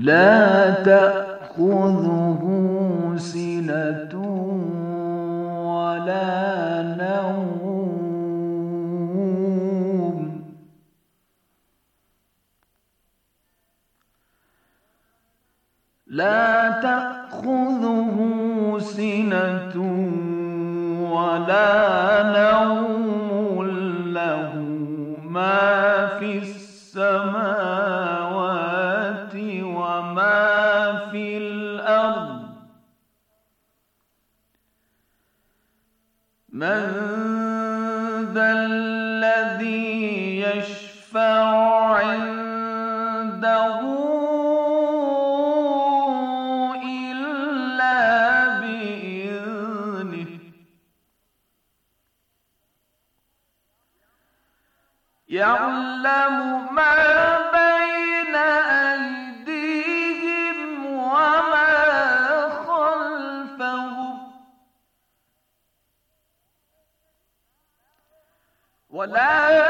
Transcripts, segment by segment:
لا تأخذه سنة ولا نوم لا تأخذه سنة ولا نوم من ولا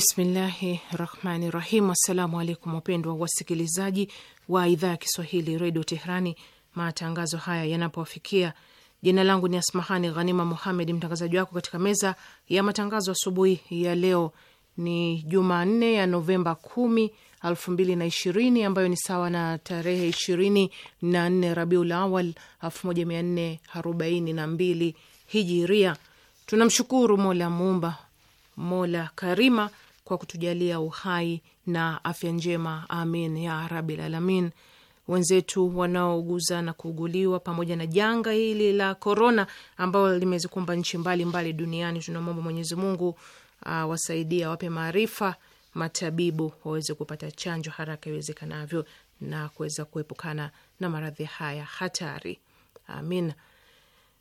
Bismillahi rahmani rahim. Assalamu alaikum wapendwa wasikilizaji wa idhaa ya Kiswahili redio Teherani, matangazo haya yanapowafikia. Jina langu ni Asmahani Ghanima Muhamed, mtangazaji wako katika meza ya matangazo. Asubuhi ya leo ni Jumanne ya Novemba kumi elfu mbili na ishirini ambayo ni sawa na tarehe ishirini na nne Rabiul Awal elfu moja mia nne arobaini na mbili Hijiria. Tunamshukuru Mola Muumba, Mola Karima kwa kutujalia uhai na afya njema, amin ya rabil alamin. Wenzetu wanaouguza na kuuguliwa pamoja na janga hili la korona ambalo limezikumba nchi mbalimbali duniani, tunamwomba Mwenyezi Mungu awasaidia, uh, awape maarifa matabibu waweze kupata chanjo haraka iwezekanavyo na kuweza kuepukana na maradhi haya hatari. Amin.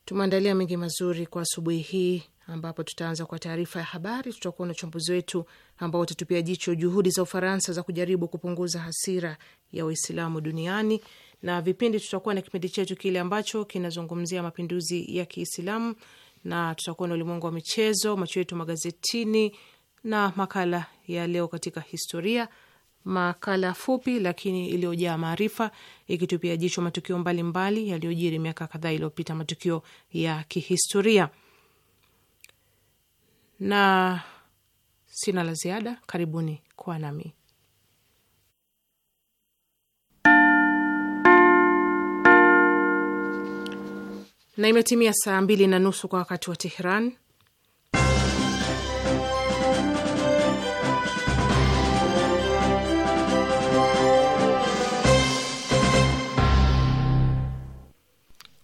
Tumeandalia mengi mazuri kwa asubuhi hii ambapo tutaanza kwa taarifa ya habari. Tutakuwa na uchambuzi wetu ambao utatupia jicho juhudi za Ufaransa za kujaribu kupunguza hasira ya Waislamu duniani, na vipindi, tutakuwa na kipindi chetu kile ambacho kinazungumzia mapinduzi ya Kiislamu, na tutakuwa na ulimwengu wa michezo, macho yetu magazetini, na makala ya leo katika historia, makala fupi lakini iliyojaa maarifa, ikitupia jicho matukio mbalimbali yaliyojiri miaka kadhaa iliyopita, matukio ya kihistoria na sina la ziada. Karibuni kuwa nami. Na imetimia saa mbili na nusu kwa wakati wa Tehran.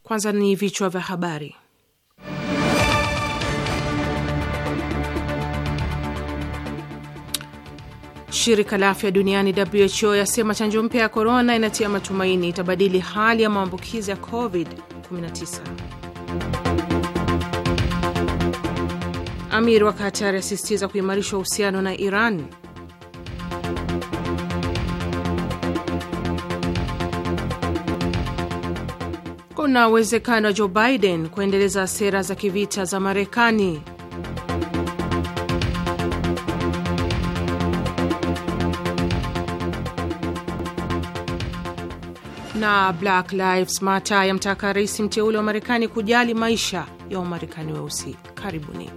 Kwanza ni vichwa vya habari. Shirika la afya duniani WHO yasema chanjo mpya ya korona inatia matumaini itabadili hali ya maambukizi ya COVID-19. Amir wa Katari asisitiza kuimarishwa uhusiano na Iran. Kuna uwezekano wa Joe Biden kuendeleza sera za kivita za Marekani. na Black Lives Matter yamtaka rais mteule wa Marekani kujali maisha ya Wamarekani weusi. Karibuni.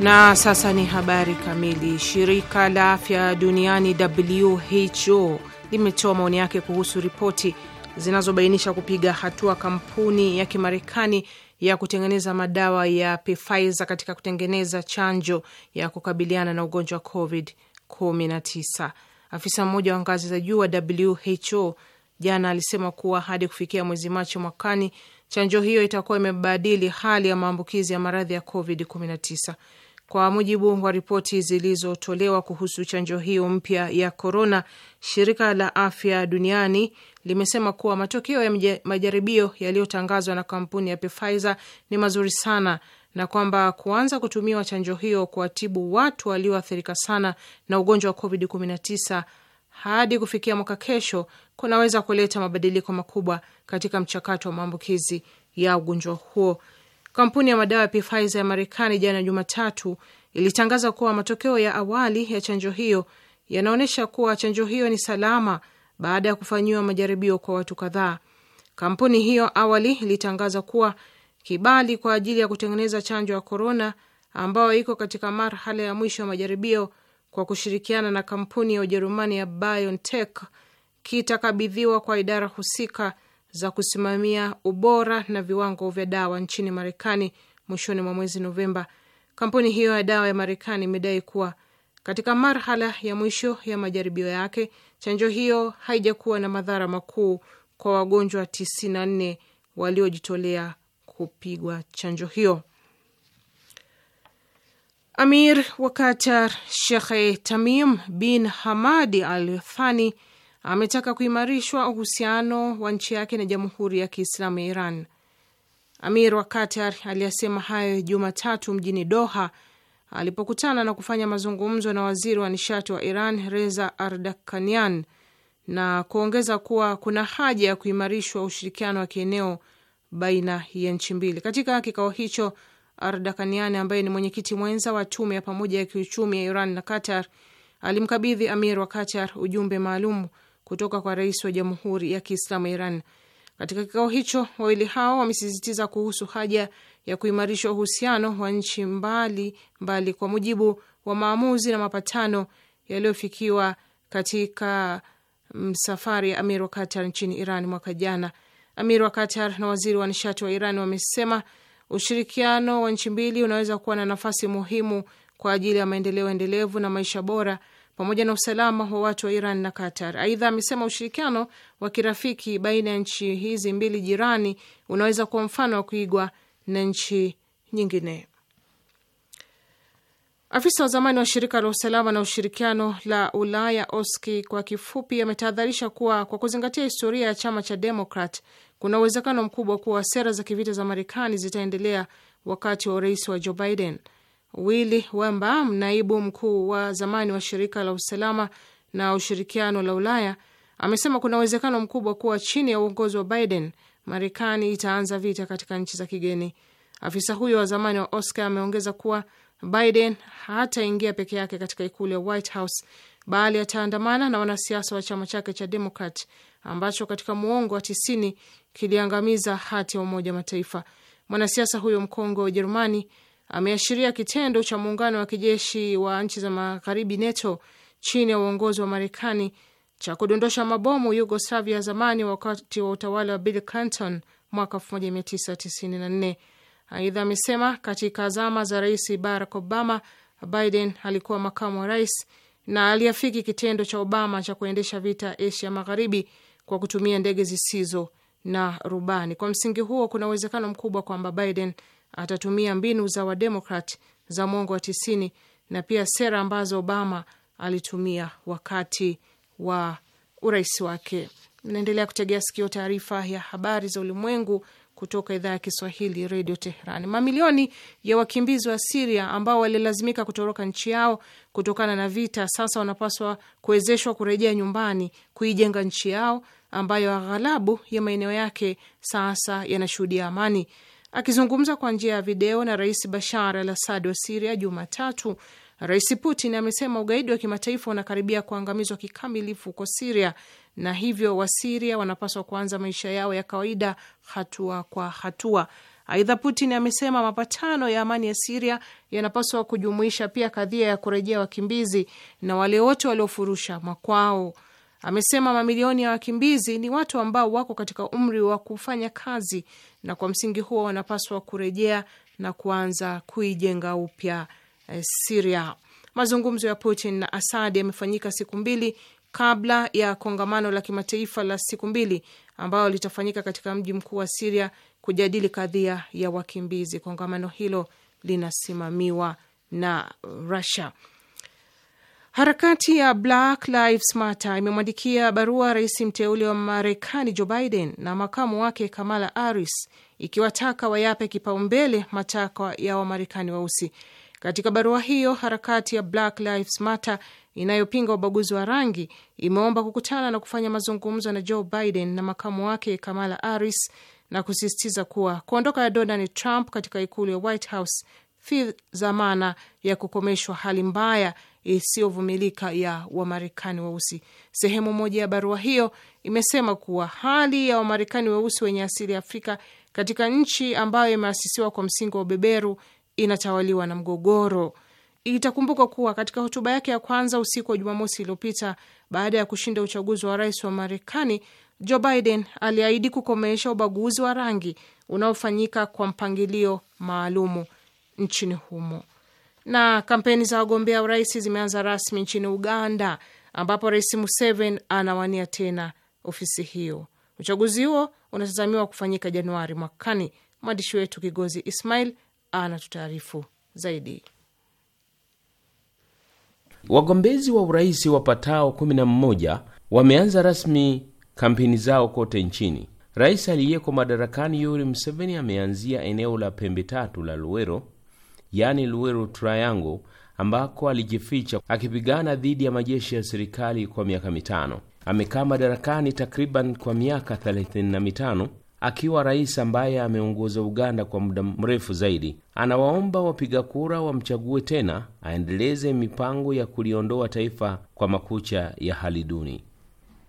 Na sasa ni habari kamili. Shirika la afya duniani WHO limetoa maoni yake kuhusu ripoti zinazobainisha kupiga hatua kampuni ya Kimarekani ya kutengeneza madawa ya Pfizer katika kutengeneza chanjo ya kukabiliana na ugonjwa wa COVID-19. Afisa mmoja wa ngazi za juu wa WHO jana alisema kuwa hadi kufikia mwezi Machi mwakani chanjo hiyo itakuwa imebadili hali ya maambukizi ya maradhi ya COVID-19. Kwa mujibu wa ripoti zilizotolewa kuhusu chanjo hiyo mpya ya korona, shirika la afya duniani limesema kuwa matokeo ya majaribio yaliyotangazwa na kampuni ya Pfizer ni mazuri sana na kwamba kuanza kutumiwa chanjo hiyo kuwatibu watu walioathirika sana na ugonjwa wa COVID-19 hadi kufikia mwaka kesho kunaweza kuleta mabadiliko makubwa katika mchakato wa maambukizi ya ugonjwa huo. Kampuni ya madawa ya Pfizer ya Marekani jana Jumatatu ilitangaza kuwa matokeo ya awali ya chanjo hiyo yanaonyesha kuwa chanjo hiyo ni salama baada ya kufanyiwa majaribio kwa watu kadhaa. Kampuni hiyo awali ilitangaza kuwa kibali kwa ajili ya kutengeneza chanjo ya korona ambayo iko katika marhala ya mwisho ya majaribio kwa kushirikiana na kampuni ya Ujerumani ya BioNTech kitakabidhiwa kwa idara husika za kusimamia ubora na viwango vya dawa nchini Marekani mwishoni mwa mwezi Novemba. Kampuni hiyo ya dawa ya Marekani imedai kuwa katika marhala ya mwisho ya majaribio yake Chanjo hiyo haijakuwa na madhara makuu kwa wagonjwa 94 waliojitolea kupigwa chanjo hiyo. Amir wa Qatar Shekhe Tamim bin Hamadi Al Thani ametaka kuimarishwa uhusiano wa nchi yake na Jamhuri ya Kiislamu ya Iran. Amir wa Qatar aliyasema hayo Jumatatu mjini Doha alipokutana na kufanya mazungumzo na waziri wa nishati wa Iran Reza Ardakanian na kuongeza kuwa kuna haja ya kuimarishwa ushirikiano wa kieneo baina ya nchi mbili. Katika kikao hicho, Ardakanian ambaye ni mwenyekiti mwenza wa tume ya pamoja ya kiuchumi ya Iran na Qatar alimkabidhi amir wa Qatar ujumbe maalum kutoka kwa rais wa Jamhuri ya Kiislamu Iran. Katika kikao hicho, wawili hao wamesisitiza kuhusu haja ya kuimarisha uhusiano wa nchi mbali mbali kwa mujibu wa maamuzi na mapatano yaliyofikiwa katika msafari mm, ya amir wa Qatar nchini Iran mwaka jana. Amir wa Qatar na waziri wa nishati wa Iran wamesema ushirikiano wa nchi mbili unaweza kuwa na nafasi muhimu kwa ajili ya maendeleo endelevu na maisha bora pamoja na usalama wa watu wa Iran na Qatar. Aidha, amesema ushirikiano wa kirafiki baina ya nchi hizi mbili jirani unaweza kuwa mfano wa kuigwa na nchi nyingine. Afisa wa zamani wa shirika la usalama na ushirikiano la Ulaya, oski kwa kifupi, ametahadharisha kuwa kwa kuzingatia historia ya chama cha Demokrat kuna uwezekano mkubwa kuwa sera za kivita za Marekani zitaendelea wakati wa urais wa Joe Biden. Willi Wemba, naibu mkuu wa zamani wa shirika la usalama na ushirikiano la Ulaya, amesema kuna uwezekano mkubwa kuwa chini ya uongozi wa Biden Marekani itaanza vita katika nchi za kigeni. Afisa huyo wa zamani wa Oscar ameongeza kuwa Biden hataingia peke yake katika ikulu ya White House bali ataandamana na wanasiasa wa chama chake cha Demokrat ambacho katika muongo wa tisini kiliangamiza hati ya Umoja Mataifa. Mwanasiasa huyo mkongwe wa Ujerumani ameashiria kitendo cha muungano wa kijeshi wa nchi za magharibi NATO chini ya uongozi wa Marekani cha kudondosha mabomu Yugoslavia ya zamani wakati wa utawala wa Bill Clinton mwaka 1994. Aidha amesema katika zama za Rais Barack Obama, Biden alikuwa makamu wa rais na aliafiki kitendo cha Obama cha kuendesha vita Asia Magharibi kwa kutumia ndege zisizo na rubani. Kwa msingi huo, kuna uwezekano mkubwa kwamba Biden atatumia mbinu za Wademokrat za mwongo wa tisini na pia sera ambazo Obama alitumia wakati wa urais wake. naendelea kutegea sikio taarifa ya habari za ulimwengu kutoka idhaa ya Kiswahili redio Teheran. Mamilioni ya wakimbizi wa Siria ambao walilazimika kutoroka nchi yao kutokana na vita, sasa wanapaswa kuwezeshwa kurejea nyumbani, kuijenga nchi yao ambayo aghalabu ya maeneo yake sasa yanashuhudia amani. Akizungumza kwa njia ya video na Rais Bashar al Assad wa Siria Jumatatu, Rais Putin amesema ugaidi wa kimataifa unakaribia kuangamizwa kikamilifu huko Siria na hivyo Wasiria wanapaswa kuanza maisha yao ya kawaida hatua kwa hatua. Aidha, Putin amesema mapatano ya amani ya Siria yanapaswa kujumuisha pia kadhia ya kurejea wakimbizi na wale wote waliofurusha makwao. Amesema mamilioni ya wakimbizi ni watu ambao wako katika umri wa kufanya kazi na kwa msingi huo wanapaswa kurejea na kuanza kuijenga upya Eh, Siria. Mazungumzo ya Putin na Asad yamefanyika siku mbili kabla ya kongamano la kimataifa la siku mbili ambayo litafanyika katika mji mkuu wa Siria kujadili kadhia ya wakimbizi. Kongamano hilo linasimamiwa na Russia. Harakati ya Black Lives Matter imemwandikia barua rais mteule wa Marekani Joe Biden na makamu wake Kamala Harris ikiwataka wayape kipaumbele matakwa ya Wamarekani weusi wa katika barua hiyo, harakati ya Black Lives Matter inayopinga ubaguzi wa rangi imeomba kukutana na kufanya mazungumzo na Joe Biden na makamu wake Kamala Harris na kusisitiza kuwa kuondoka ya Donald Trump katika ikulu ya White House fi dhamana ya kukomeshwa hali mbaya isiyovumilika ya Wamarekani weusi. Sehemu moja ya barua hiyo imesema kuwa hali ya Wamarekani weusi wenye asili ya Afrika katika nchi ambayo imeasisiwa kwa msingi wa ubeberu inatawaliwa na mgogoro. Itakumbuka kuwa katika hotuba yake ya kwanza usiku wa Jumamosi iliyopita baada ya kushinda uchaguzi wa rais wa Marekani, Joe Biden aliahidi kukomesha ubaguzi wa rangi unaofanyika kwa mpangilio maalumu nchini humo. Na kampeni za wagombea urais zimeanza rasmi nchini Uganda, ambapo Rais Museveni anawania tena ofisi hiyo. Uchaguzi huo unatazamiwa kufanyika Januari mwakani. Mwandishi wetu Kigozi Ismail anatutaarifu zaidi. Wagombezi wa urais wapatao 11 wameanza rasmi kampeni zao kote nchini. Rais aliyeko madarakani Yoweri Museveni ameanzia eneo la pembe tatu la Luwero, yaani Luwero Triangle, ambako alijificha akipigana dhidi ya majeshi ya serikali kwa miaka mitano. Amekaa madarakani takriban kwa miaka 35 akiwa rais ambaye ameongoza Uganda kwa muda mrefu zaidi, anawaomba wapiga kura wamchague tena aendeleze mipango ya kuliondoa taifa kwa makucha ya hali duni.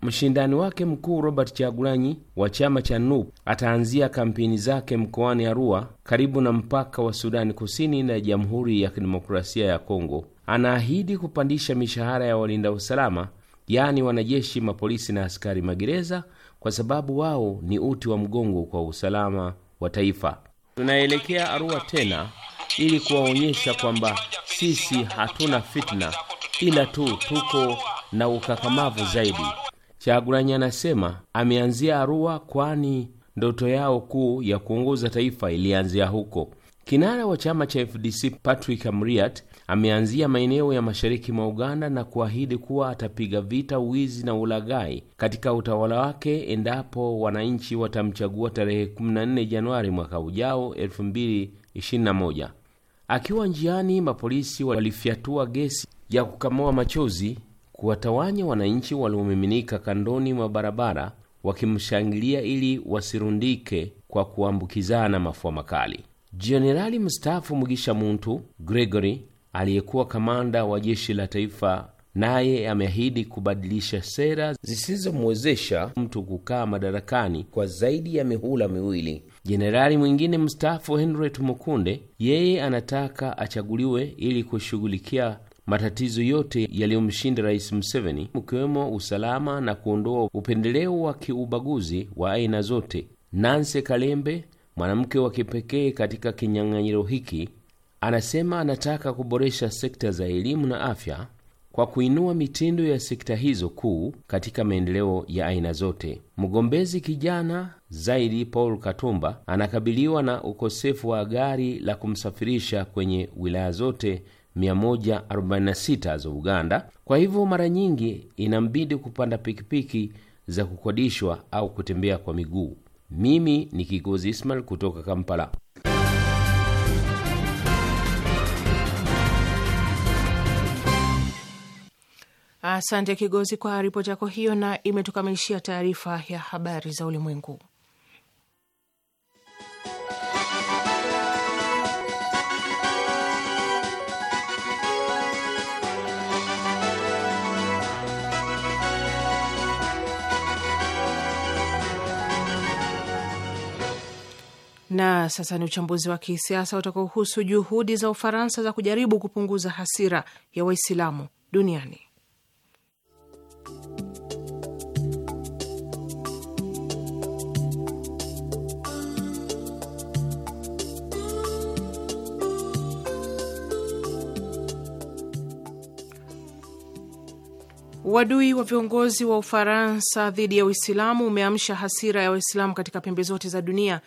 Mshindani wake mkuu Robert Chagulanyi wa chama cha NUP ataanzia kampeni zake mkoani Arua, karibu na mpaka wa Sudani Kusini na Jamhuri ya Kidemokrasia ya Kongo. Anaahidi kupandisha mishahara ya walinda usalama, yaani wanajeshi, mapolisi na askari magereza kwa sababu wao ni uti wa mgongo kwa usalama wa taifa. Tunaelekea Arua tena ili kuwaonyesha kwamba sisi hatuna fitna, ila tu tuko na ukakamavu zaidi. Chagulanyi anasema ameanzia Arua kwani ndoto yao kuu ya kuongoza taifa ilianzia huko. Kinara wa chama cha FDC Patrick Amriat ameanzia maeneo ya mashariki mwa Uganda na kuahidi kuwa atapiga vita wizi na ulaghai katika utawala wake endapo wananchi watamchagua tarehe 14 Januari mwaka ujao 2021. Akiwa njiani, mapolisi walifyatua gesi ya kukamoa machozi kuwatawanya wananchi waliomiminika kandoni mwa barabara wakimshangilia ili wasirundike kwa kuambukizana mafua makali. Jenerali mstaafu Mugisha Muntu Gregory aliyekuwa kamanda wa jeshi la taifa, naye ameahidi kubadilisha sera zisizomwezesha mtu kukaa madarakani kwa zaidi ya mihula miwili. Jenerali mwingine mstaafu Henry Tumukunde, yeye anataka achaguliwe ili kushughulikia matatizo yote yaliyomshinda Rais Museveni, mkiwemo usalama na kuondoa upendeleo wa kiubaguzi wa aina zote. Nancy Kalembe, mwanamke wa kipekee katika kinyang'anyiro hiki, Anasema anataka kuboresha sekta za elimu na afya kwa kuinua mitindo ya sekta hizo kuu katika maendeleo ya aina zote. Mgombezi kijana zaidi Paul Katumba anakabiliwa na ukosefu wa gari la kumsafirisha kwenye wilaya zote 146 za Uganda. Kwa hivyo mara nyingi inambidi kupanda pikipiki za kukodishwa au kutembea kwa miguu. Mimi ni Kigozi Ismail kutoka Kampala. Asante Kigozi kwa ripoti yako hiyo, na imetukamilishia taarifa ya habari za ulimwengu. Na sasa ni uchambuzi wa kisiasa utakaohusu juhudi za Ufaransa za kujaribu kupunguza hasira ya Waislamu duniani. Uadui wa viongozi wa Ufaransa dhidi ya Uislamu umeamsha hasira ya Waislamu katika pembe zote za dunia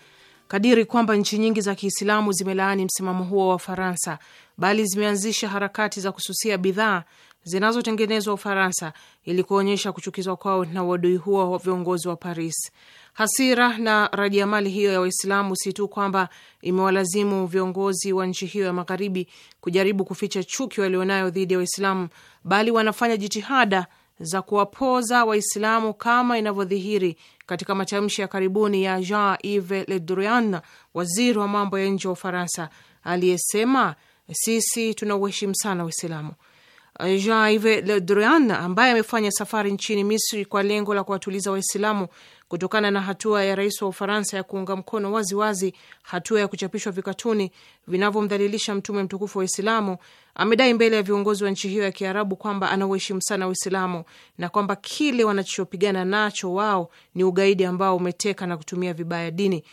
kadiri kwamba nchi nyingi za Kiislamu zimelaani msimamo huo wa Ufaransa, bali zimeanzisha harakati za kususia bidhaa zinazotengenezwa Ufaransa ili kuonyesha kuchukizwa kwao na uadui huo wa viongozi wa Paris. Hasira na radiamali hiyo ya Waislamu si tu kwamba imewalazimu viongozi wa nchi hiyo ya magharibi kujaribu kuficha chuki walionayo dhidi ya Waislamu, bali wanafanya jitihada za kuwapoza Waislamu kama inavyodhihiri katika matamshi ya karibuni ya Jean-Yves Le Drian, waziri wa mambo ya nje wa Ufaransa, aliyesema sisi tunauheshimu sana Waislamu Eh, Jean-Yves Le Drian ambaye amefanya safari nchini Misri kwa lengo la kuwatuliza Waislamu kutokana na hatua ya rais wa Ufaransa ya kuunga mkono waziwazi wazi hatua ya kuchapishwa vikatuni vinavyomdhalilisha mtume mtukufu wa Uislamu, amedai mbele ya viongozi wa nchi hiyo ya Kiarabu kwamba anauheshimu sana Uislamu na kwamba kile wanachopigana nacho wao ni ugaidi ambao umeteka na kutumia vibaya dini.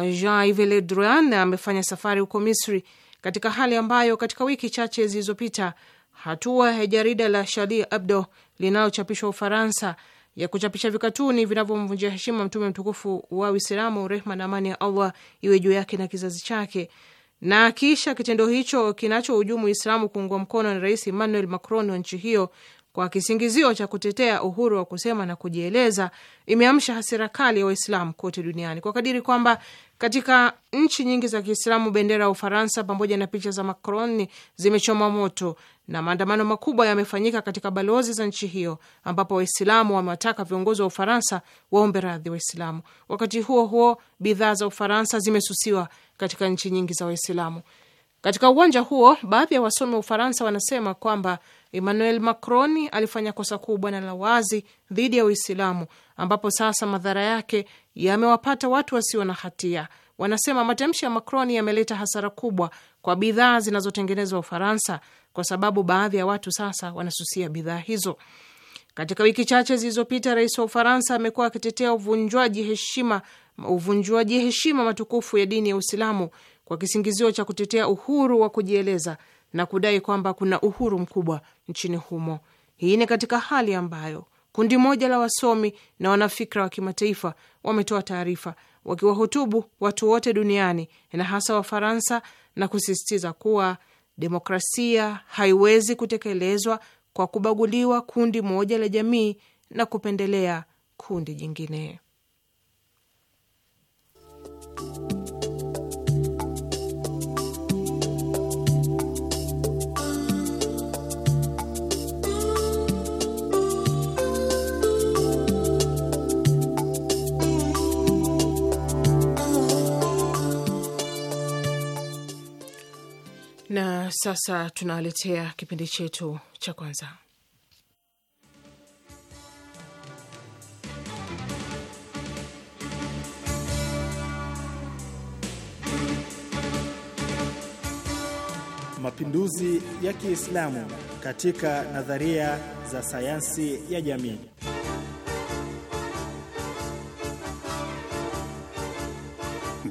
Eh, Jean-Yves Le Drian amefanya safari huko Misri katika hali ambayo katika wiki chache zilizopita Hatua ya jarida la Shali Abdo linalochapishwa Ufaransa ya kuchapisha vikatuni vinavyomvunjia heshima mtume mtukufu wa Uislamu, rehma na amani ya Allah iwe juu yake na kizazi chake, na kisha kitendo hicho kinachohujumu Uislamu kuungwa mkono na Rais Emmanuel Macron wa nchi hiyo kwa kisingizio cha kutetea uhuru wa kusema na kujieleza, imeamsha hasira kali ya Waislamu kote duniani kwa kadiri kwamba katika nchi nyingi za Kiislamu bendera ya Ufaransa pamoja na picha za Macron zimechoma moto na maandamano makubwa yamefanyika katika balozi za nchi hiyo ambapo Waislamu wamewataka viongozi wa Ufaransa waombe radhi Waislamu. Wakati huo huo, bidhaa za Ufaransa zimesusiwa katika nchi nyingi za Waislamu. Katika uwanja huo, baadhi ya wasomi wa Ufaransa wanasema kwamba Emmanuel Macron alifanya kosa kubwa na la wazi dhidi ya Uislamu, ambapo sasa madhara yake yamewapata watu wasio na hatia wanasema matamshi ya Macron yameleta hasara kubwa kwa bidhaa zinazotengenezwa Ufaransa kwa sababu baadhi ya watu sasa wanasusia bidhaa hizo. Katika wiki chache zilizopita, rais wa Ufaransa amekuwa akitetea uvunjwaji heshima, uvunjwaji heshima matukufu ya dini ya Uislamu kwa kisingizio cha kutetea uhuru wa kujieleza na kudai kwamba kuna uhuru mkubwa nchini humo. Hii ni katika hali ambayo kundi moja la wasomi na wanafikra wa kimataifa wametoa taarifa wakiwahutubu watu wote duniani na hasa Wafaransa na kusisitiza kuwa demokrasia haiwezi kutekelezwa kwa kubaguliwa kundi moja la jamii na kupendelea kundi jingine. Na sasa tunawaletea kipindi chetu cha kwanza, mapinduzi ya Kiislamu katika nadharia za sayansi ya jamii.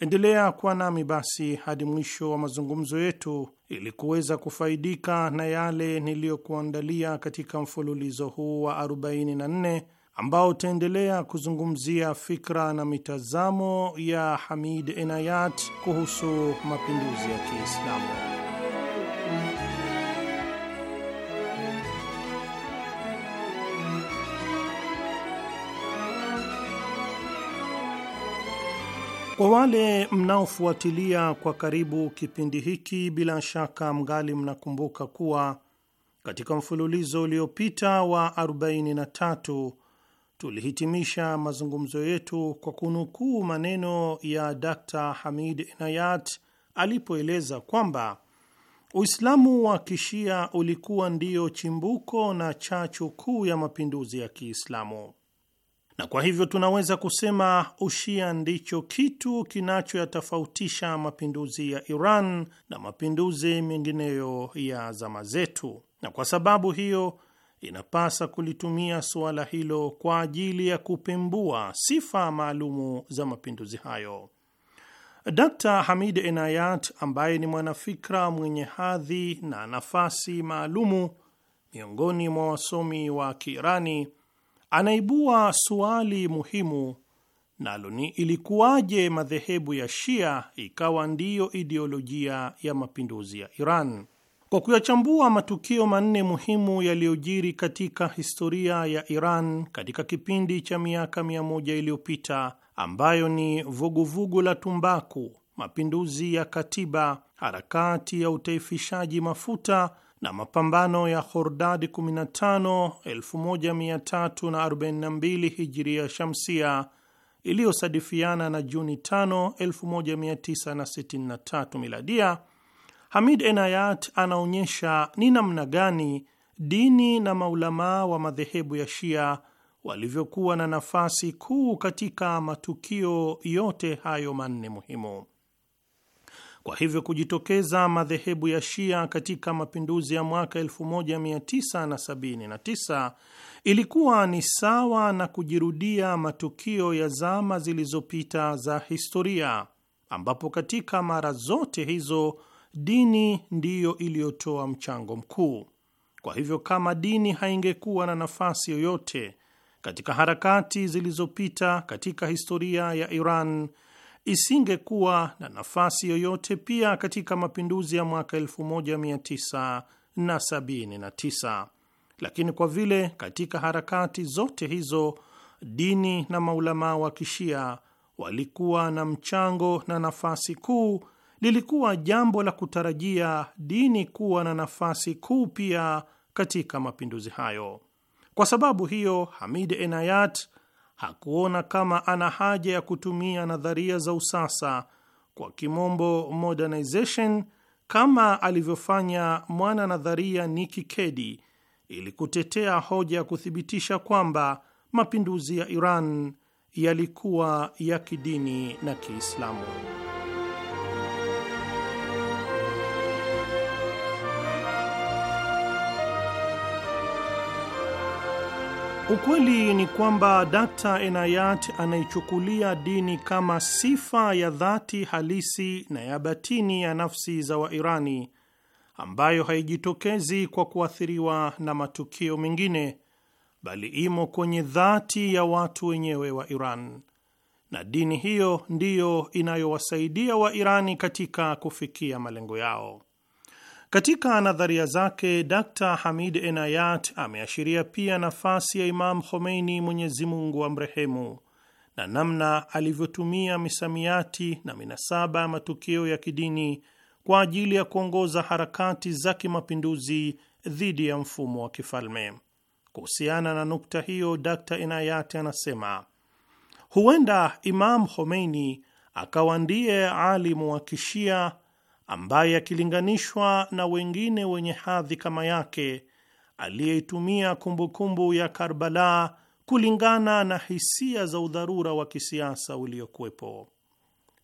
Endelea kuwa nami basi hadi mwisho wa mazungumzo yetu ili kuweza kufaidika na yale niliyokuandalia katika mfululizo huu wa 44 ambao utaendelea kuzungumzia fikra na mitazamo ya Hamid Enayat kuhusu mapinduzi ya Kiislamu. Kwa wale mnaofuatilia kwa karibu kipindi hiki, bila shaka mgali mnakumbuka kuwa katika mfululizo uliopita wa 43 tulihitimisha mazungumzo yetu kwa kunukuu maneno ya Dr. Hamid Inayat alipoeleza kwamba Uislamu wa Kishia ulikuwa ndiyo chimbuko na chachu kuu ya mapinduzi ya Kiislamu na kwa hivyo tunaweza kusema ushia ndicho kitu kinachoyatofautisha mapinduzi ya Iran na mapinduzi mengineyo ya zama zetu, na kwa sababu hiyo inapasa kulitumia suala hilo kwa ajili ya kupembua sifa maalumu za mapinduzi hayo. d Hamid Enayat ambaye ni mwanafikra mwenye hadhi na nafasi maalumu miongoni mwa wasomi wa Kiirani anaibua suali muhimu nalo ni ilikuwaje madhehebu ya Shia ikawa ndiyo ideolojia ya mapinduzi ya Iran? Kwa kuyachambua matukio manne muhimu yaliyojiri katika historia ya Iran katika kipindi cha miaka mia moja iliyopita ambayo ni vuguvugu vugu la tumbaku, mapinduzi ya katiba, harakati ya utaifishaji mafuta na mapambano ya Khordadi 15 1342 Hijria Shamsia iliyosadifiana na Juni 5 1963 Miladia, Hamid Enayat anaonyesha ni namna gani dini na maulamaa wa madhehebu ya Shia walivyokuwa na nafasi kuu katika matukio yote hayo manne muhimu. Kwa hivyo kujitokeza madhehebu ya Shia katika mapinduzi ya mwaka 1979 ilikuwa ni sawa na kujirudia matukio ya zama zilizopita za historia, ambapo katika mara zote hizo dini ndiyo iliyotoa mchango mkuu. Kwa hivyo kama dini haingekuwa na nafasi yoyote katika harakati zilizopita katika historia ya Iran isingekuwa na nafasi yoyote pia katika mapinduzi ya mwaka 1979 lakini kwa vile katika harakati zote hizo dini na maulamaa wa kishia walikuwa na mchango na nafasi kuu, lilikuwa jambo la kutarajia dini kuwa na nafasi kuu pia katika mapinduzi hayo. Kwa sababu hiyo, Hamid Enayat hakuona kama ana haja ya kutumia nadharia za usasa, kwa kimombo modernization, kama alivyofanya mwana nadharia Nikki Keddie ili kutetea hoja ya kuthibitisha kwamba mapinduzi ya Iran yalikuwa ya kidini na Kiislamu. Ukweli ni kwamba Dr. Enayat anaichukulia dini kama sifa ya dhati halisi na ya batini ya nafsi za Wairani ambayo haijitokezi kwa kuathiriwa na matukio mengine bali imo kwenye dhati ya watu wenyewe wa Iran, na dini hiyo ndiyo inayowasaidia Wairani katika kufikia malengo yao. Katika nadharia zake Dr Hamid Enayat ameashiria pia nafasi ya Imam Khomeini, Mwenyezi Mungu amrehemu, na namna alivyotumia misamiati na minasaba ya matukio ya kidini kwa ajili ya kuongoza harakati za kimapinduzi dhidi ya mfumo wa kifalme. Kuhusiana na nukta hiyo, Dr Enayat anasema huenda Imam Khomeini akawa ndiye alimu wa kishia ambaye akilinganishwa na wengine wenye hadhi kama yake aliyeitumia kumbukumbu ya Karbala kulingana na hisia za udharura wa kisiasa uliokuwepo.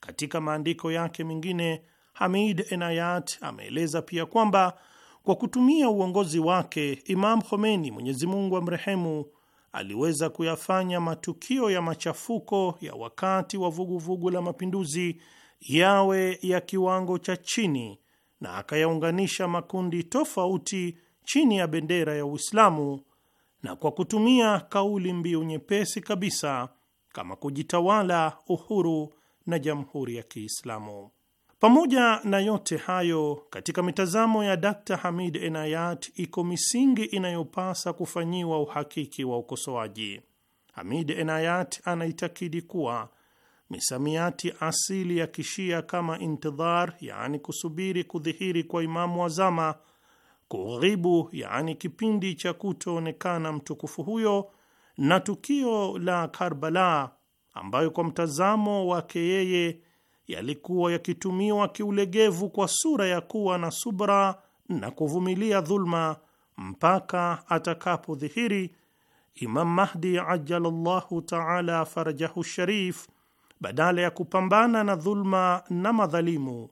Katika maandiko yake mengine, Hamid Enayat ameeleza pia kwamba kwa kutumia uongozi wake Imam Khomeini, Mwenyezi Mungu amrehemu, aliweza kuyafanya matukio ya machafuko ya wakati wa vuguvugu vugu la mapinduzi yawe ya kiwango cha chini na akayaunganisha makundi tofauti chini ya bendera ya Uislamu na kwa kutumia kauli mbiu nyepesi kabisa kama kujitawala, uhuru na jamhuri ya Kiislamu. Pamoja na yote hayo, katika mitazamo ya Dr. Hamid Enayat iko misingi inayopasa kufanyiwa uhakiki wa ukosoaji. Hamid Enayat anaitakidi kuwa misamiati asili ya kishia kama intidhar, yaani kusubiri kudhihiri kwa imamu wazama, kughibu, yaani kipindi cha kutoonekana mtukufu huyo, na tukio la Karbala ambayo kwa mtazamo wake yeye yalikuwa yakitumiwa kiulegevu kwa sura ya kuwa na subra na kuvumilia dhulma mpaka atakapodhihiri Imam Mahdi ajalallahu taala farajahu sharif badala ya kupambana na dhuluma na madhalimu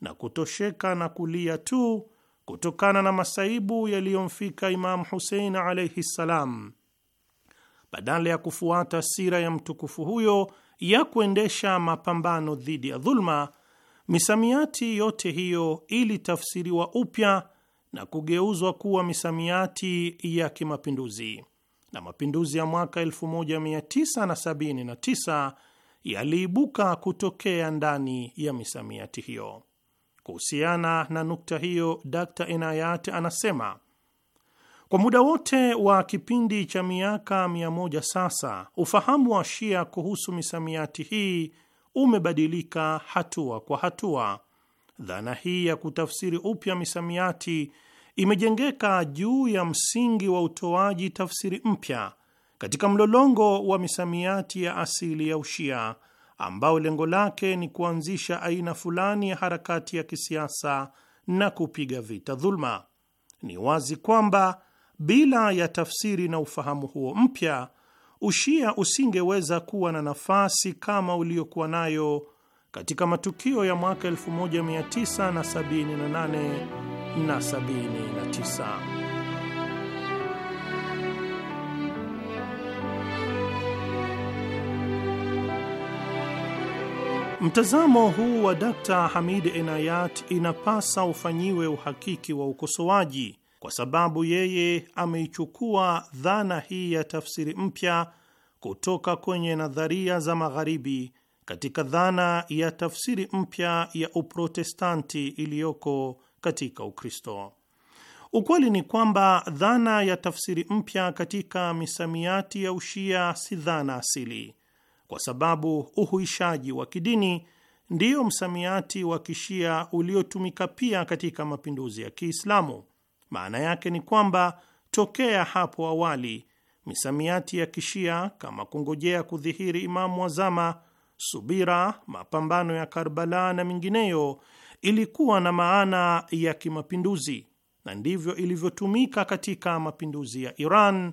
na kutosheka na kulia tu kutokana na masaibu yaliyomfika Imamu Husein alaihi ssalam, badala ya kufuata sira ya mtukufu huyo ya kuendesha mapambano dhidi ya dhuluma, misamiati yote hiyo ilitafsiriwa upya na kugeuzwa kuwa misamiati ya kimapinduzi, na mapinduzi ya mwaka 1979 yaliibuka kutokea ndani ya misamiati hiyo. Kuhusiana na nukta hiyo, Dr. Inayat anasema kwa muda wote wa kipindi cha miaka mia moja sasa, ufahamu wa Shia kuhusu misamiati hii umebadilika hatua kwa hatua. Dhana hii ya kutafsiri upya misamiati imejengeka juu ya msingi wa utoaji tafsiri mpya katika mlolongo wa misamiati ya asili ya Ushia ambao lengo lake ni kuanzisha aina fulani ya harakati ya kisiasa na kupiga vita dhuluma. Ni wazi kwamba bila ya tafsiri na ufahamu huo mpya, Ushia usingeweza kuwa na nafasi kama uliokuwa nayo katika matukio ya mwaka 1978 na 79. Mtazamo huu wa Dkt. Hamid Enayat inapasa ufanyiwe uhakiki wa ukosoaji, kwa sababu yeye ameichukua dhana hii ya tafsiri mpya kutoka kwenye nadharia za Magharibi katika dhana ya tafsiri mpya ya Uprotestanti iliyoko katika Ukristo. Ukweli ni kwamba dhana ya tafsiri mpya katika misamiati ya Ushia si dhana asili kwa sababu uhuishaji wa kidini ndiyo msamiati wa kishia uliotumika pia katika mapinduzi ya Kiislamu. Maana yake ni kwamba tokea hapo awali misamiati ya kishia kama kungojea kudhihiri Imamu Wazama, subira, mapambano ya Karbala na mingineyo ilikuwa na maana ya kimapinduzi, na ndivyo ilivyotumika katika mapinduzi ya Iran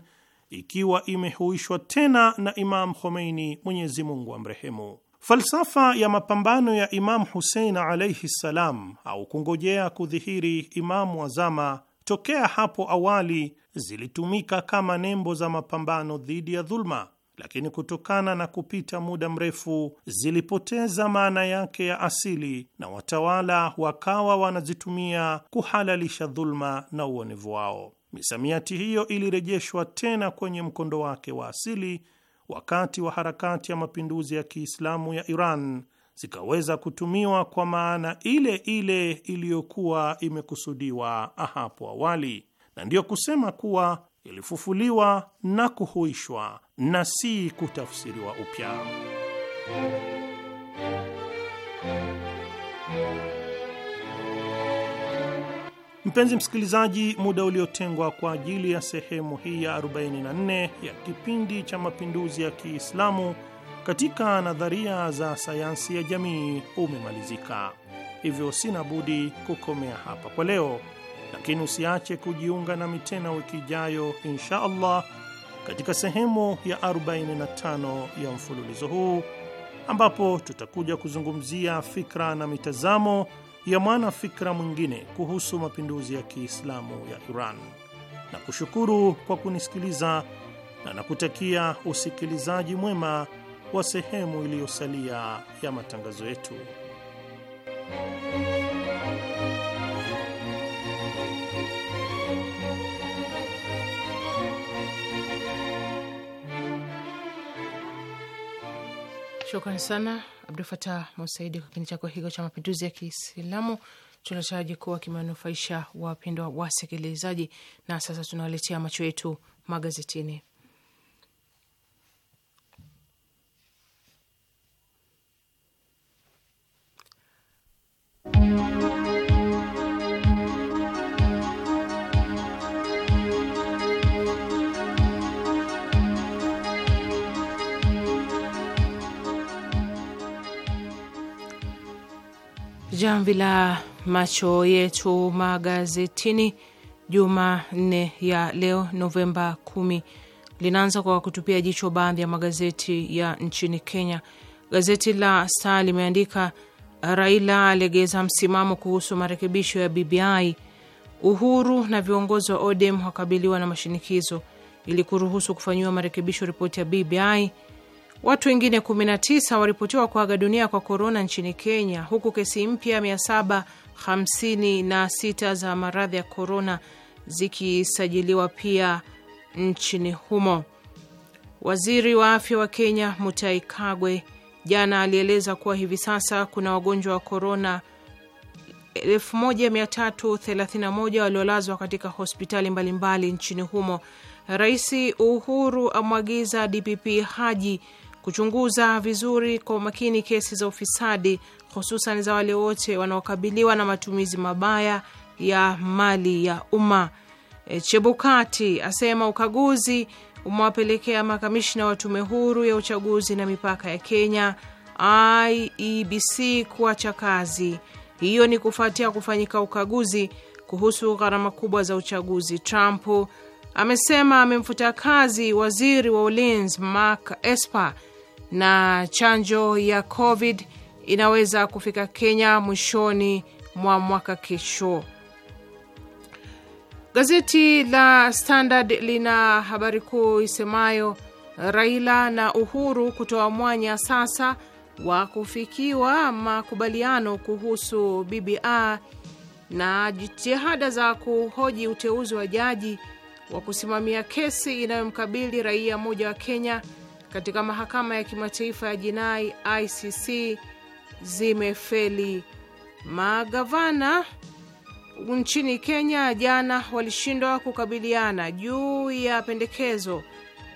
ikiwa imehuishwa tena na Imam Khomeini, Mwenyezi Mungu amrehemu. Falsafa ya mapambano ya Imam Husein alaihi ssalam, au kungojea kudhihiri Imamu wazama, tokea hapo awali zilitumika kama nembo za mapambano dhidi ya dhulma, lakini kutokana na kupita muda mrefu zilipoteza maana yake ya asili na watawala wakawa wanazitumia kuhalalisha dhulma na uonevu wao misamiati hiyo ilirejeshwa tena kwenye mkondo wake wa asili wakati wa harakati ya mapinduzi ya Kiislamu ya Iran, zikaweza kutumiwa kwa maana ile ile iliyokuwa imekusudiwa hapo awali, na ndiyo kusema kuwa ilifufuliwa na kuhuishwa na si kutafsiriwa upya. Mpenzi msikilizaji, muda uliotengwa kwa ajili ya sehemu hii ya 44 ya kipindi cha mapinduzi ya Kiislamu katika nadharia za sayansi ya jamii umemalizika, hivyo sina budi kukomea hapa kwa leo, lakini usiache kujiunga nami tena wiki ijayo insha Allah katika sehemu ya 45 ya mfululizo huu ambapo tutakuja kuzungumzia fikra na mitazamo ya mwana fikra mwingine kuhusu mapinduzi ya Kiislamu ya Iran na kushukuru kwa kunisikiliza na nakutakia usikilizaji mwema wa sehemu iliyosalia ya matangazo yetu. Shukrani sana Abdul Fatah Musaidi kwa kipindi chako hicho cha mapinduzi ya Kiislamu. Tunataraji kuwa kimenufaisha wapendwa wasikilizaji, na sasa tunawaletea macho yetu magazetini. Jamvi la macho yetu magazetini Jumanne ya leo Novemba kumi linaanza kwa kutupia jicho baadhi ya magazeti ya nchini Kenya. Gazeti la Star limeandika Raila alegeza msimamo kuhusu marekebisho ya BBI. Uhuru na viongozi wa ODM wakabiliwa na mashinikizo ili kuruhusu kufanyiwa marekebisho ripoti ya BBI Watu wengine 19 waripotiwa kuaga dunia kwa korona nchini Kenya, huku kesi mpya 756 za maradhi ya korona zikisajiliwa pia nchini humo. Waziri wa afya wa Kenya Mutai Kagwe jana alieleza kuwa hivi sasa kuna wagonjwa wa korona 1331 waliolazwa katika hospitali mbalimbali mbali nchini humo. Rais Uhuru amwagiza DPP Haji kuchunguza vizuri kwa umakini kesi za ufisadi, hususan za wale wote wanaokabiliwa na matumizi mabaya ya mali ya umma. E, Chebukati asema ukaguzi umewapelekea makamishna wa tume huru ya uchaguzi na mipaka ya Kenya IEBC kuacha kazi. Hiyo ni kufuatia kufanyika ukaguzi kuhusu gharama kubwa za uchaguzi. Trump amesema amemfuta kazi waziri wa ulinzi Mark Esper na chanjo ya COVID inaweza kufika Kenya mwishoni mwa mwaka kesho. Gazeti la Standard lina habari kuu isemayo Raila na Uhuru kutoa mwanya sasa wa kufikiwa makubaliano kuhusu BBI na jitihada za kuhoji uteuzi wa jaji wa kusimamia kesi inayomkabili raia mmoja wa Kenya katika mahakama ya kimataifa ya jinai ICC zimefeli. Magavana nchini Kenya jana walishindwa kukabiliana juu ya pendekezo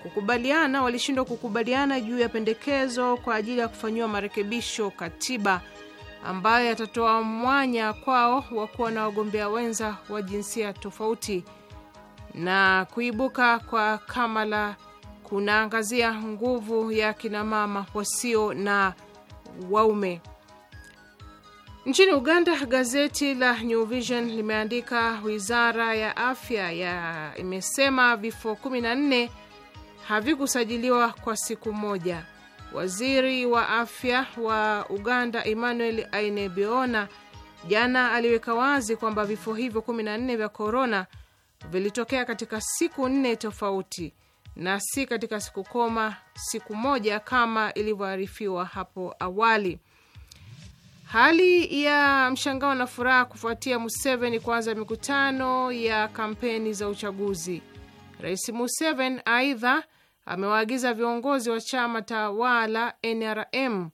kukubaliana walishindwa kukubaliana juu ya pendekezo kwa ajili ya kufanyiwa marekebisho katiba ambayo yatatoa mwanya kwao wa kuwa na wagombea wenza wa jinsia tofauti na kuibuka kwa Kamala kunaangazia nguvu ya kinamama wasio na waume. Nchini Uganda, gazeti la New Vision limeandika wizara ya afya ya imesema vifo 14 havikusajiliwa kwa siku moja. Waziri wa afya wa Uganda Emmanuel Ainebiona jana aliweka wazi kwamba vifo hivyo 14 vya korona vilitokea katika siku nne tofauti na si katika siku koma siku moja kama ilivyoarifiwa hapo awali. Hali ya mshangao na furaha kufuatia Museveni kuanza mikutano ya kampeni za uchaguzi. Rais Museveni aidha amewaagiza viongozi wa chama tawala NRM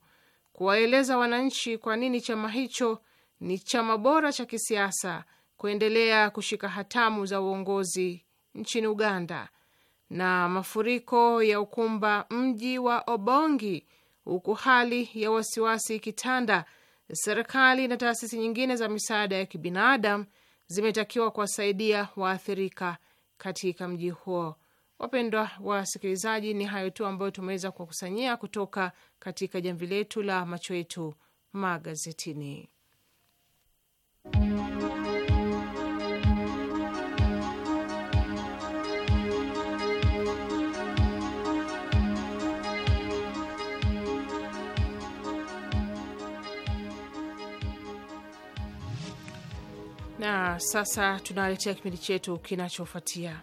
kuwaeleza wananchi kwa nini chama hicho ni chama bora cha kisiasa kuendelea kushika hatamu za uongozi nchini Uganda na mafuriko ya ukumba mji wa Obongi, huku hali ya wasiwasi ikitanda, serikali na taasisi nyingine za misaada ya kibinadamu zimetakiwa kuwasaidia waathirika katika mji huo. Wapendwa wasikilizaji, ni hayo tu ambayo tumeweza kuwakusanyia kutoka katika jamvi letu la macho yetu magazetini. Na sasa tunaletea kipindi chetu kinachofuatia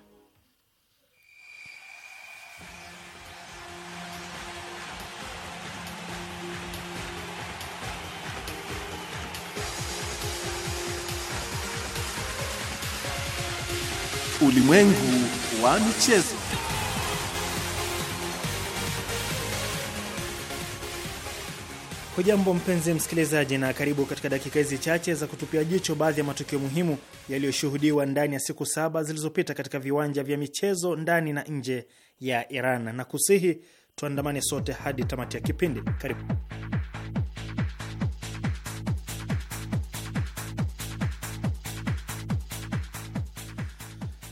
Ulimwengu wa michezo. Hujambo mpenzi msikilizaji, na karibu katika dakika hizi chache za kutupia jicho baadhi ya matukio muhimu yaliyoshuhudiwa ndani ya siku saba zilizopita katika viwanja vya michezo ndani na nje ya Iran, na kusihi tuandamane sote hadi tamati ya kipindi. Karibu.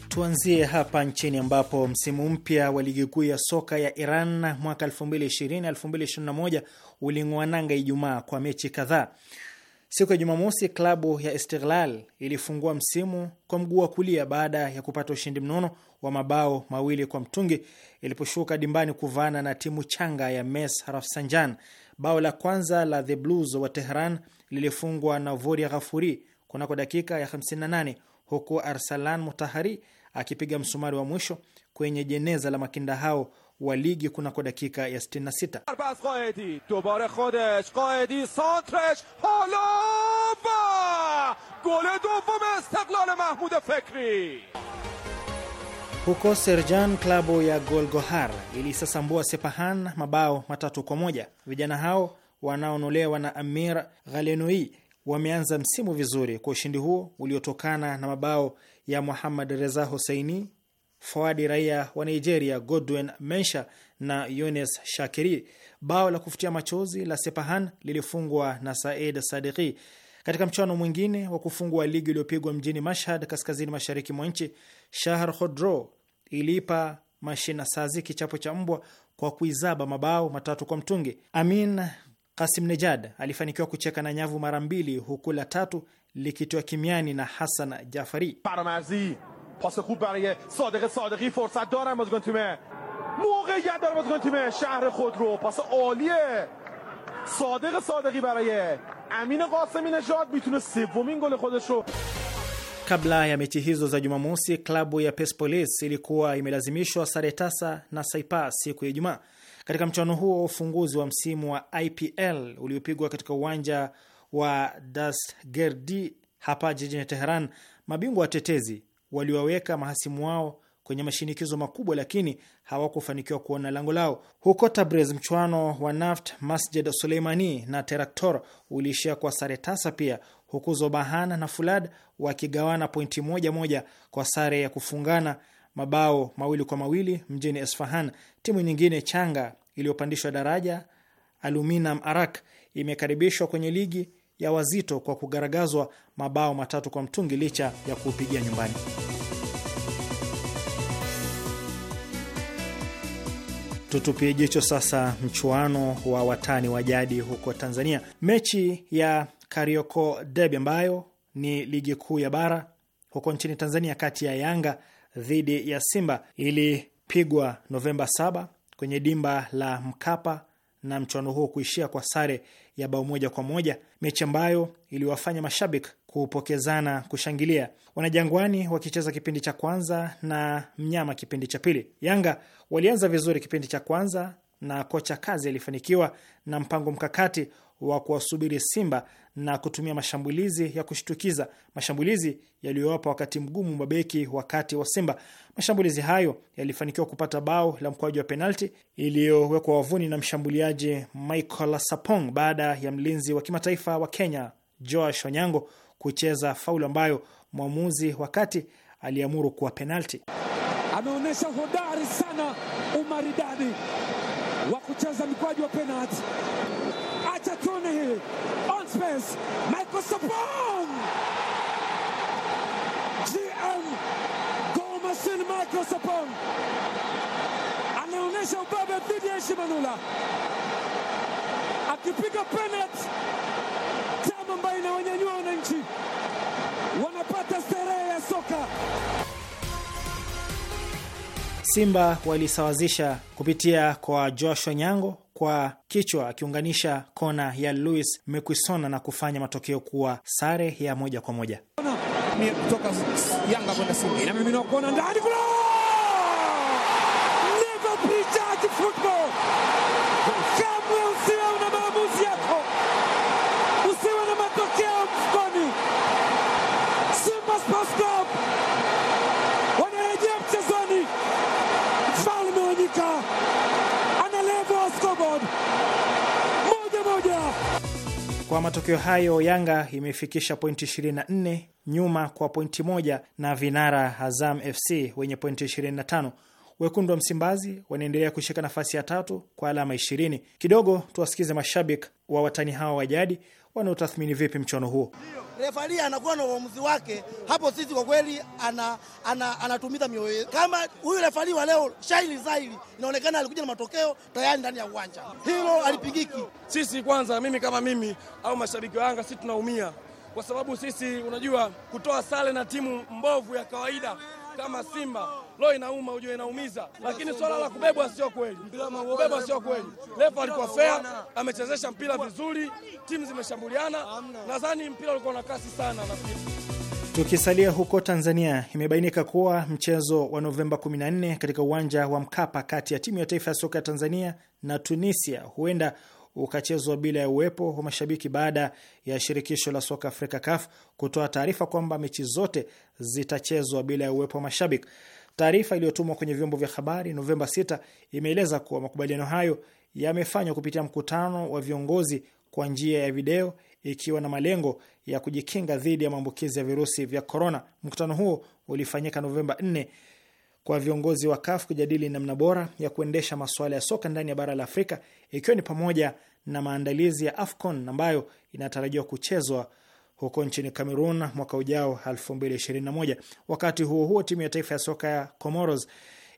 Tuanzie hapa nchini ambapo msimu mpya wa ligi kuu ya soka ya Iran mwaka 2020-2021 uling'oananga Ijumaa kwa mechi kadhaa. Siku ya Jumamosi, klabu ya Istiglal ilifungua msimu kwa mguu wa kulia baada ya kupata ushindi mnono wa mabao mawili kwa mtungi iliposhuka dimbani kuvaana na timu changa ya Mes Rafsanjan. Bao la kwanza la The Blues wa Tehran lilifungwa na Voria Ghafuri kunako dakika ya 58 huku Arsalan Mutahari akipiga msumari wa mwisho kwenye jeneza la makinda hao wa ligi kunako dakika ya 66. E Huko Serjan, klabu ya Golgohar ilisasambua Sepahan mabao matatu kwa moja. Vijana hao wanaonolewa na Amir Ghalenoi wameanza msimu vizuri kwa ushindi huo uliotokana na mabao ya Muhammad Reza Hoseini fawadi raia wa Nigeria Godwin Mensha na Younes Shakiri. Bao la kufutia machozi la Sepahan lilifungwa na Said Sadiki. Katika mchuano mwingine wa kufungua ligi iliyopigwa mjini Mashhad, kaskazini mashariki mwa nchi, Shahar Khodro iliipa Mashina Sazi kichapo cha mbwa kwa kuizaba mabao matatu kwa mtungi. Amin Kasim Nejad alifanikiwa kucheka na nyavu mara mbili huku la tatu likitoa kimiani na Hasan Jafari Paramazi. پاس خوب برای صادق صادقی فرصت دارن بازیکن تیمه موقعیت داره بازیکن تیمه شهر خود رو پاس عالیه صادق صادقی برای امین قاسمی نژاد میتونه سومین گل خودش رو Kabla ya mechi hizo za Jumamosi, klabu ya Persepolis ilikuwa imelazimishwa sare tasa na Saipa siku ya Ijumaa katika mchuano huo wa ufunguzi wa msimu wa IPL uliopigwa katika uwanja wa Dastgerdi hapa jijini Teheran. Mabingwa watetezi waliwaweka mahasimu wao kwenye mashinikizo makubwa, lakini hawakufanikiwa kuona lango lao. Huko Tabriz, mchuano wa Naft Masjid Suleimani na Teraktor uliishia kwa sare tasa pia, huku Zobahana na Fulad wakigawana pointi moja moja kwa sare ya kufungana mabao mawili kwa mawili mjini Esfahan. Timu nyingine changa iliyopandishwa daraja Aluminam Arak imekaribishwa kwenye ligi ya Wazito kwa kugaragazwa mabao matatu kwa mtungi licha ya kuupigia nyumbani. Tutupie jicho sasa mchuano wa watani wa jadi huko Tanzania, mechi ya Karioko Derby ambayo ni ligi kuu ya bara huko nchini Tanzania, kati ya Yanga dhidi ya Simba ilipigwa Novemba 7 kwenye dimba la Mkapa na mchuano huo kuishia kwa sare ya bao moja kwa moja, mechi ambayo iliwafanya mashabiki kupokezana kushangilia, wanajangwani wakicheza kipindi cha kwanza na mnyama kipindi cha pili. Yanga walianza vizuri kipindi cha kwanza na kocha kazi alifanikiwa na mpango mkakati wa kuwasubiri Simba na kutumia mashambulizi ya kushtukiza, mashambulizi yaliyowapa wakati mgumu mabeki wakati wa Simba. Mashambulizi hayo yalifanikiwa kupata bao la mkwaju wa penalti iliyowekwa wavuni na mshambuliaji Michael Sapong baada ya mlinzi wa kimataifa wa Kenya Joash Onyango kucheza faulu ambayo mwamuzi wakati aliamuru kuwa penalti. Ameonyesha hodari sana, umaridadi kucheza mkwaju wa penalti. Acha tuone hili on space, Michael Sapong, GM goal machine. Michael Sapong anaonyesha ubabe dhidi ya Shimanula akipiga penalti, tamu ambayo inawanyanyua wananchi wanapata starehe ya soka. Simba walisawazisha kupitia kwa Joshua Nyango kwa kichwa akiunganisha kona ya louis Mekuisona na kufanya matokeo kuwa sare ya moja kwa moja. Kwa matokeo hayo, Yanga imefikisha pointi 24 nyuma kwa pointi moja na vinara Azam FC wenye pointi 25. Wekundu wa Msimbazi wanaendelea kushika nafasi ya tatu kwa alama 20. Kidogo tuwasikize mashabiki wa watani hao wa jadi wanaotathmini vipi mchuano huo. Refari anakuwa na uamuzi wake hapo. Sisi kwa kweli ana, ana, anatumiza mioyo yetu. Kama huyu refari wa leo shaili zaili, inaonekana alikuja na matokeo tayari ndani ya uwanja, hilo alipigiki. Sisi kwanza, mimi kama mimi au mashabiki wa Yanga, sisi tunaumia kwa sababu sisi, unajua kutoa sare na timu mbovu ya kawaida kama Simba. Lo, inauma ujue, inaumiza, lakini swala la kubebwa sio kweli, kubebwa sio kweli. Refa alikuwa fair, amechezesha mpira vizuri, timu zimeshambuliana, nadhani mpira ulikuwa na kasi sana nafikiri. Tukisalia huko Tanzania, imebainika kuwa mchezo wa Novemba 14 katika uwanja wa Mkapa kati ya timu ya taifa ya soka ya Tanzania na Tunisia huenda ukachezwa bila ya uwepo wa mashabiki baada ya shirikisho la soka Afrika CAF kutoa taarifa kwamba mechi zote zitachezwa bila ya uwepo wa mashabiki. Taarifa iliyotumwa kwenye vyombo vya habari Novemba 6 imeeleza kuwa makubaliano hayo yamefanywa kupitia mkutano wa viongozi kwa njia ya video ikiwa na malengo ya kujikinga dhidi ya maambukizi ya virusi vya korona. Mkutano huo ulifanyika Novemba 4 kwa viongozi wa CAF kujadili namna bora ya kuendesha masuala ya soka ndani ya bara la Afrika, ikiwa ni pamoja na maandalizi ya AFCON ambayo inatarajiwa kuchezwa huko nchini Cameroon mwaka ujao 2021. Wakati huo huo, timu ya taifa ya soka ya Comoros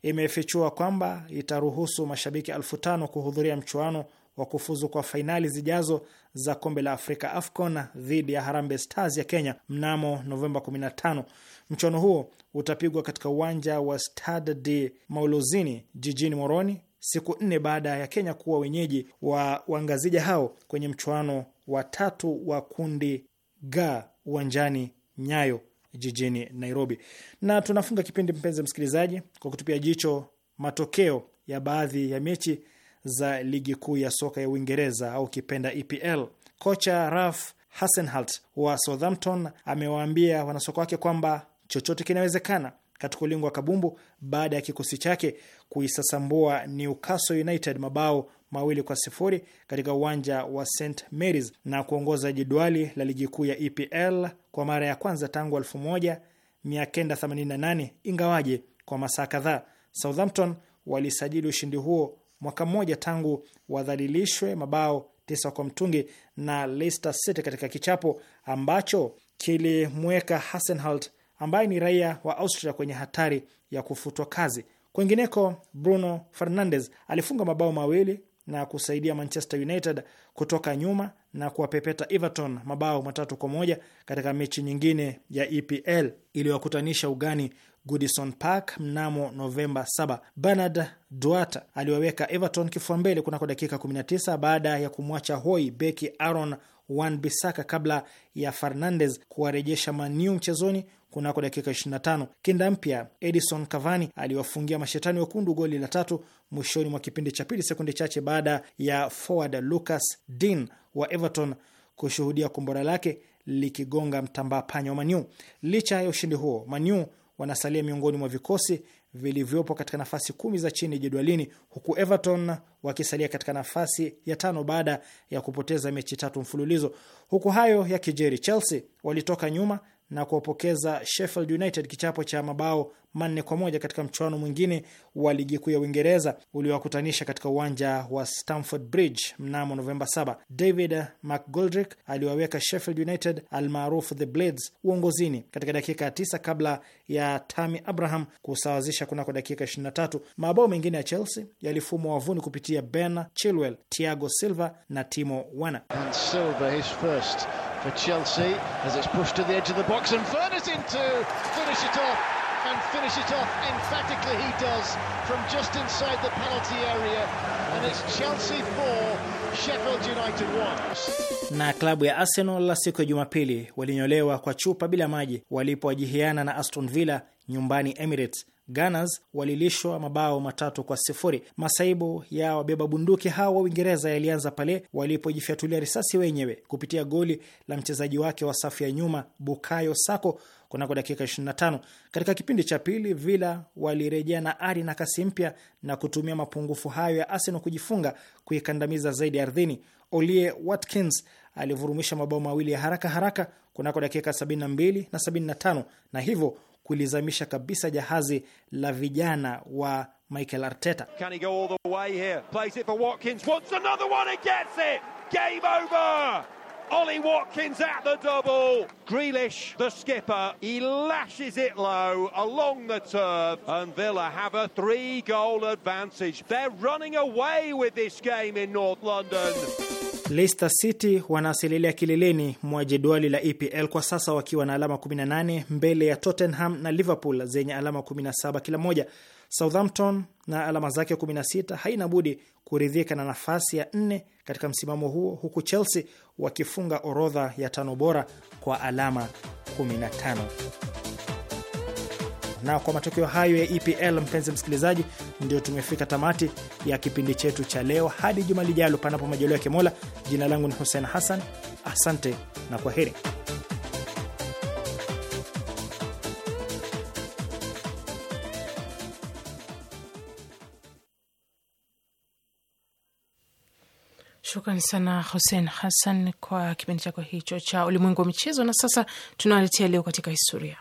imefichua kwamba itaruhusu mashabiki elfu tano kuhudhuria mchuano wa kufuzu kwa fainali zijazo za kombe la Afrika AFCON dhidi ya Harambee Stars ya Kenya mnamo Novemba 15. Mchuano huo utapigwa katika uwanja wa Stade de Maulozini jijini Moroni siku nne baada ya Kenya kuwa wenyeji wa wangazija hao kwenye mchuano wa tatu wa kundi g uwanjani Nyayo jijini Nairobi. Na tunafunga kipindi, mpenzi msikilizaji, kwa kutupia jicho matokeo ya baadhi ya mechi za ligi kuu ya soka ya Uingereza au kipenda EPL. Kocha raf Hasenhalt wa Southampton amewaambia wanasoka wake kwamba chochote kinawezekana katika ulingo wa kabumbu baada ya kikosi chake kuisasambua Newcastle United mabao mawili kwa sifuri katika uwanja wa St Mary's na kuongoza jedwali la ligi kuu ya EPL kwa mara ya kwanza tangu 1988 ingawaje kwa masaa kadhaa. Southampton walisajili ushindi huo mwaka mmoja tangu wadhalilishwe mabao tisa kwa mtungi na Leicester City katika kichapo ambacho kilimweka Hasenhalt ambaye ni raia wa Austria kwenye hatari ya kufutwa kazi. Kwingineko, Bruno Fernandes alifunga mabao mawili na kusaidia Manchester United kutoka nyuma na kuwapepeta Everton mabao matatu kwa moja katika mechi nyingine ya EPL iliyowakutanisha ugani Goodison Park mnamo Novemba 7. Bernard Duarte aliwaweka Everton kifua mbele kunako dakika 19 baada ya kumwacha hoi beki Aaron Wan-Bissaka kabla ya Fernandes kuwarejesha Maniu mchezoni kunako dakika 25. Kinda mpya Edison Cavani aliwafungia mashetani wekundu goli la tatu mwishoni mwa kipindi cha pili, sekunde chache baada ya forward Lucas Dean wa Everton kushuhudia kombora lake likigonga mtambaa panya wa Manu. Licha ya ushindi huo, Manu wanasalia miongoni mwa vikosi vilivyopo katika nafasi kumi za chini jedwalini, huku Everton wakisalia katika nafasi ya tano baada ya kupoteza mechi tatu mfululizo. Huku hayo ya kijeri, Chelsea walitoka nyuma na kuwapokeza Sheffield United kichapo cha mabao manne kwa moja katika mchuano mwingine wa ligi kuu ya Uingereza uliowakutanisha katika uwanja wa Stamford Bridge mnamo Novemba 7. David McGoldrick aliwaweka Sheffield United almaarufu The Blades uongozini katika dakika ya tisa kabla ya Tammy Abraham kusawazisha kunako dakika 23. Mabao mengine ya Chelsea yalifumwa wavuni kupitia Ben Chilwell, Thiago Silva na Timo Werner for Chelsea as it's pushed to the edge of the box and Furness in to finish it off and finish it off emphatically he does from just inside the penalty area and it's Chelsea 4 Sheffield United 1 na klabu ya Arsenal la siku ya Jumapili walinyolewa kwa chupa bila maji walipowajihiana na Aston Villa nyumbani Emirates Gunners walilishwa mabao matatu kwa sifuri. Masaibu ya wabeba bunduki hawa wa Uingereza yalianza pale walipojifyatulia risasi wenyewe kupitia goli la mchezaji wake wa safu ya nyuma Bukayo Sako kunako dakika 25. Katika kipindi cha pili, Villa walirejea na ari na kasi mpya na kutumia mapungufu hayo ya Arsenal kujifunga, kuikandamiza zaidi ardhini. Olie Watkins alivurumisha mabao mawili ya haraka haraka kunako dakika 72 na 75 na hivyo kulizamisha kabisa jahazi la vijana wa Michael Arteta. Ollie Watkins at the double. Grealish, the skipper, he lashes it low along the turf, and Villa have a three goal advantage. They're running away with this game in North London. Leicester City wanaasilelia kileleni mwa jedwali la EPL kwa sasa wakiwa na alama 18 mbele ya Tottenham na Liverpool zenye alama 17 kila moja. Southampton na alama zake 16 haina budi kuridhika na nafasi ya nne katika msimamo huo, huku Chelsea wakifunga orodha ya tano bora kwa alama 15. Na kwa matokeo hayo ya EPL, mpenzi msikilizaji, ndio tumefika tamati ya kipindi chetu cha leo. Hadi juma lijalo, panapo majaliwa ya Mola. Jina langu ni Hussein Hassan, asante na kwa heri. Shukrani sana Hussein Hassan kwa kipindi chako hicho cha ulimwengu wa michezo. Na sasa tunawaletea leo katika historia.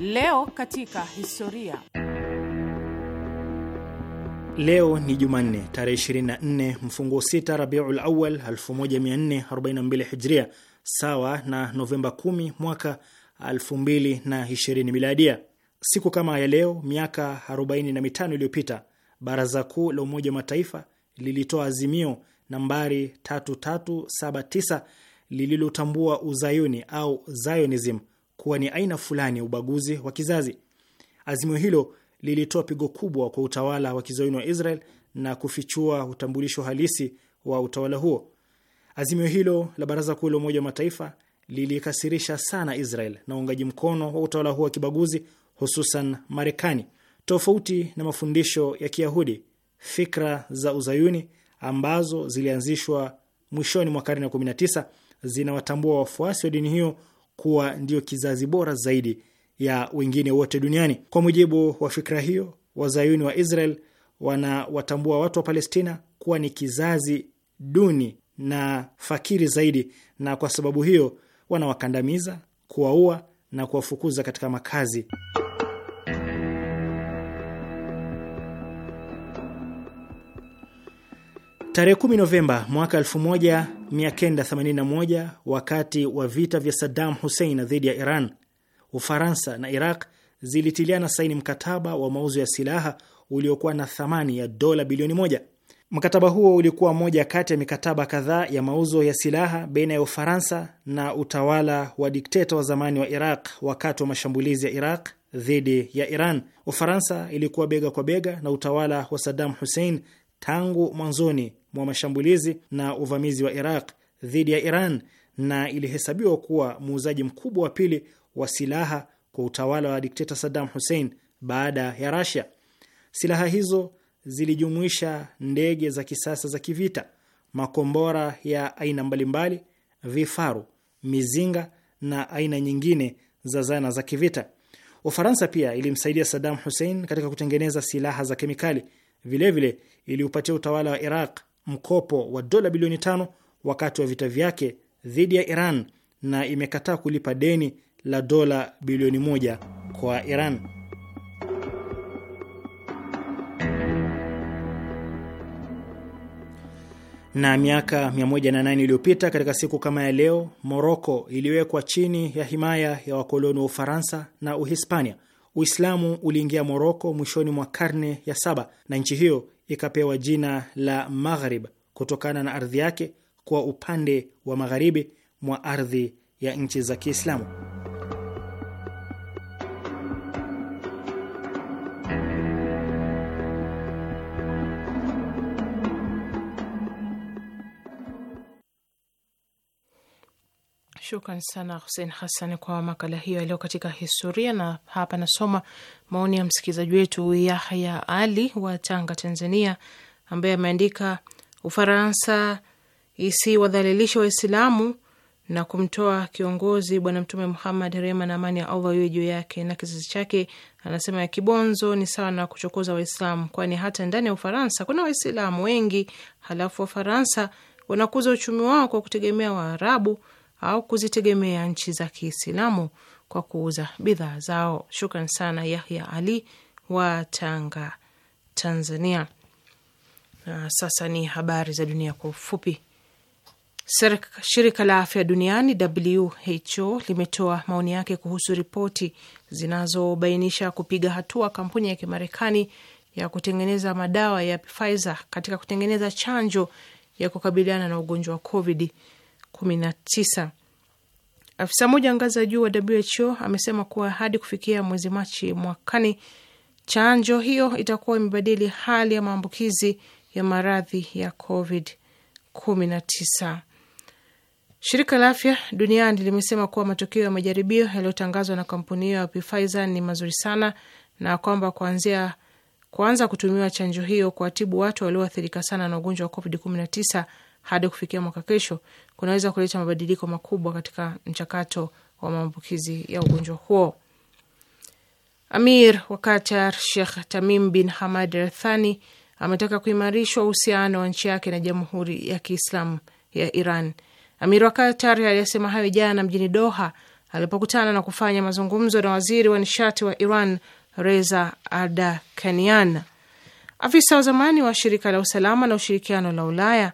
Leo katika historia. Leo ni Jumanne tarehe 24 mfungu 6 Rabiul Awal 1442 Hijria, sawa na Novemba 10 mwaka 2020 Miladia. Siku kama ya leo miaka 45 iliyopita, Baraza Kuu la Umoja wa Mataifa lilitoa azimio nambari 3379 lililotambua uzayuni au Zionism kuwa ni aina fulani ya ubaguzi wa kizazi. Azimio hilo lilitoa pigo kubwa kwa utawala wa kizayuni wa Israel na kufichua utambulisho halisi wa utawala huo. Azimio hilo la Baraza Kuu la Umoja wa Mataifa lilikasirisha sana Israel na uungaji mkono wa utawala huo wa kibaguzi, hususan Marekani. Tofauti na mafundisho ya Kiyahudi, fikra za uzayuni ambazo zilianzishwa mwishoni mwa karne ya 19 zinawatambua wafuasi wa dini hiyo kuwa ndiyo kizazi bora zaidi ya wengine wote duniani. Kwa mujibu wa fikra hiyo, wazayuni wa Israel wanawatambua watu wa Palestina kuwa ni kizazi duni na fakiri zaidi, na kwa sababu hiyo wanawakandamiza, kuwaua na kuwafukuza katika makazi. Tarehe 10 Novemba mwaka 1 1981 wakati wa vita vya Saddam Hussein dhidi ya Iran, Ufaransa na Iraq zilitiliana saini mkataba wa mauzo ya silaha uliokuwa na thamani ya dola bilioni moja. Mkataba huo ulikuwa moja kati ya mikataba kadhaa ya mauzo ya silaha baina ya Ufaransa na utawala wa dikteta wa zamani wa Iraq wakati wa mashambulizi ya Iraq dhidi ya Iran. Ufaransa ilikuwa bega kwa bega na utawala wa Saddam Hussein tangu mwanzoni mwa mashambulizi na uvamizi wa Iraq dhidi ya Iran na ilihesabiwa kuwa muuzaji mkubwa wa pili wa silaha kwa utawala wa dikteta Saddam Hussein baada ya Russia. Silaha hizo zilijumuisha ndege za kisasa za kivita, makombora ya aina mbalimbali, vifaru, mizinga na aina nyingine za zana za kivita. Ufaransa pia ilimsaidia Saddam Hussein katika kutengeneza silaha za kemikali Vilevile iliupatia utawala wa Iraq mkopo wa dola bilioni tano wakati wa vita vyake dhidi ya Iran na imekataa kulipa deni la dola bilioni moja kwa Iran. Na miaka 108 iliyopita katika siku kama ya leo, Moroko iliwekwa chini ya himaya ya wakoloni wa Ufaransa na Uhispania. Uislamu uliingia Moroko mwishoni mwa karne ya saba na nchi hiyo ikapewa jina la Maghrib kutokana na ardhi yake kwa upande wa magharibi mwa ardhi ya nchi za Kiislamu. Shukran sana husen Hasani kwa makala hiyo yaliyo katika historia. Na hapa nasoma maoni ya msikilizaji wetu Yahya Ali wa Tanga, Tanzania, ambaye ameandika Ufaransa isiwadhalilishe Waislamu na kumtoa kiongozi Bwana Mtume Muhammad, rehma na amani ya Allah iwe juu yake na kizazi chake. Anasema ya kibonzo ni sawa na kuchokoza Waislamu, kwani hata ndani ya Ufaransa kuna Waislamu wengi, halafu Wafaransa wanakuza uchumi wao kwa kutegemea Waarabu au kuzitegemea nchi za Kiislamu kwa kuuza bidhaa zao. Shukran sana Yahya Ali wa Tanga, Tanzania. Na sasa ni habari za dunia kwa ufupi. Shirika la afya duniani WHO limetoa maoni yake kuhusu ripoti zinazobainisha kupiga hatua kampuni ya Kimarekani ya kutengeneza madawa ya Pfizer katika kutengeneza chanjo ya kukabiliana na ugonjwa wa COVID 19. Afisa mmoja ngazi ya juu wa WHO amesema kuwa hadi kufikia mwezi Machi mwakani chanjo hiyo itakuwa imebadili hali ya maambukizi ya maradhi ya COVID 19. Shirika la afya duniani limesema kuwa matokeo ya majaribio yaliyotangazwa na kampuni hiyo ya Pfizer ni mazuri sana na kwamba kuanzia kuanza kutumiwa chanjo hiyo kuwatibu watu walioathirika sana na ugonjwa wa COVID 19 hadi kufikia mwaka kesho kunaweza kuleta mabadiliko makubwa katika mchakato wa maambukizi ya ugonjwa huo. Amir wa Qatar Sheikh Tamim bin Hamad Al Thani ametaka kuimarishwa uhusiano wa nchi yake na Jamhuri ya Kiislamu ya Iran. Amir wa Qatar aliyesema hayo jana mjini Doha alipokutana na kufanya mazungumzo na waziri wa nishati wa Iran Reza Ardakanian. Afisa wa zamani wa shirika la usalama na ushirikiano la Ulaya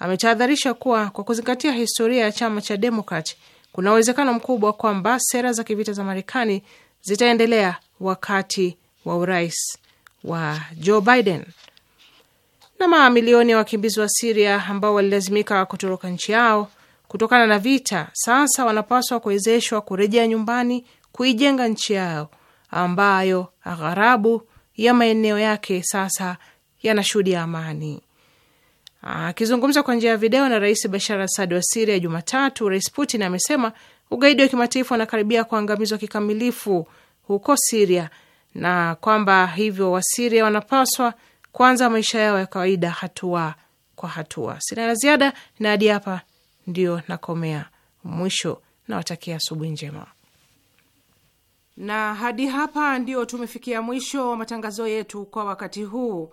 ametahadharisha kuwa kwa kuzingatia historia ya chama cha Demokrat kuna uwezekano mkubwa kwamba sera za kivita za Marekani zitaendelea wakati wa urais wa Joe Biden. Na mamilioni ya wa wakimbizi wa Siria ambao walilazimika kutoroka nchi yao kutokana na vita, sasa wanapaswa kuwezeshwa kurejea nyumbani, kuijenga nchi yao ambayo agharabu ya maeneo yake sasa yanashuhudia amani. Akizungumza kwa njia ya video na Rais Bashar Asad wa Siria Jumatatu, Rais Putin amesema ugaidi wa kimataifa unakaribia kuangamizwa kikamilifu huko Siria na kwamba hivyo Wasiria wanapaswa kuanza maisha yao ya kawaida hatua kwa hatua. Sina la ziada na hadi hapa ndio nakomea mwisho. Nawatakia asubuhi njema na hadi hapa ndio tumefikia mwisho wa matangazo yetu kwa wakati huu.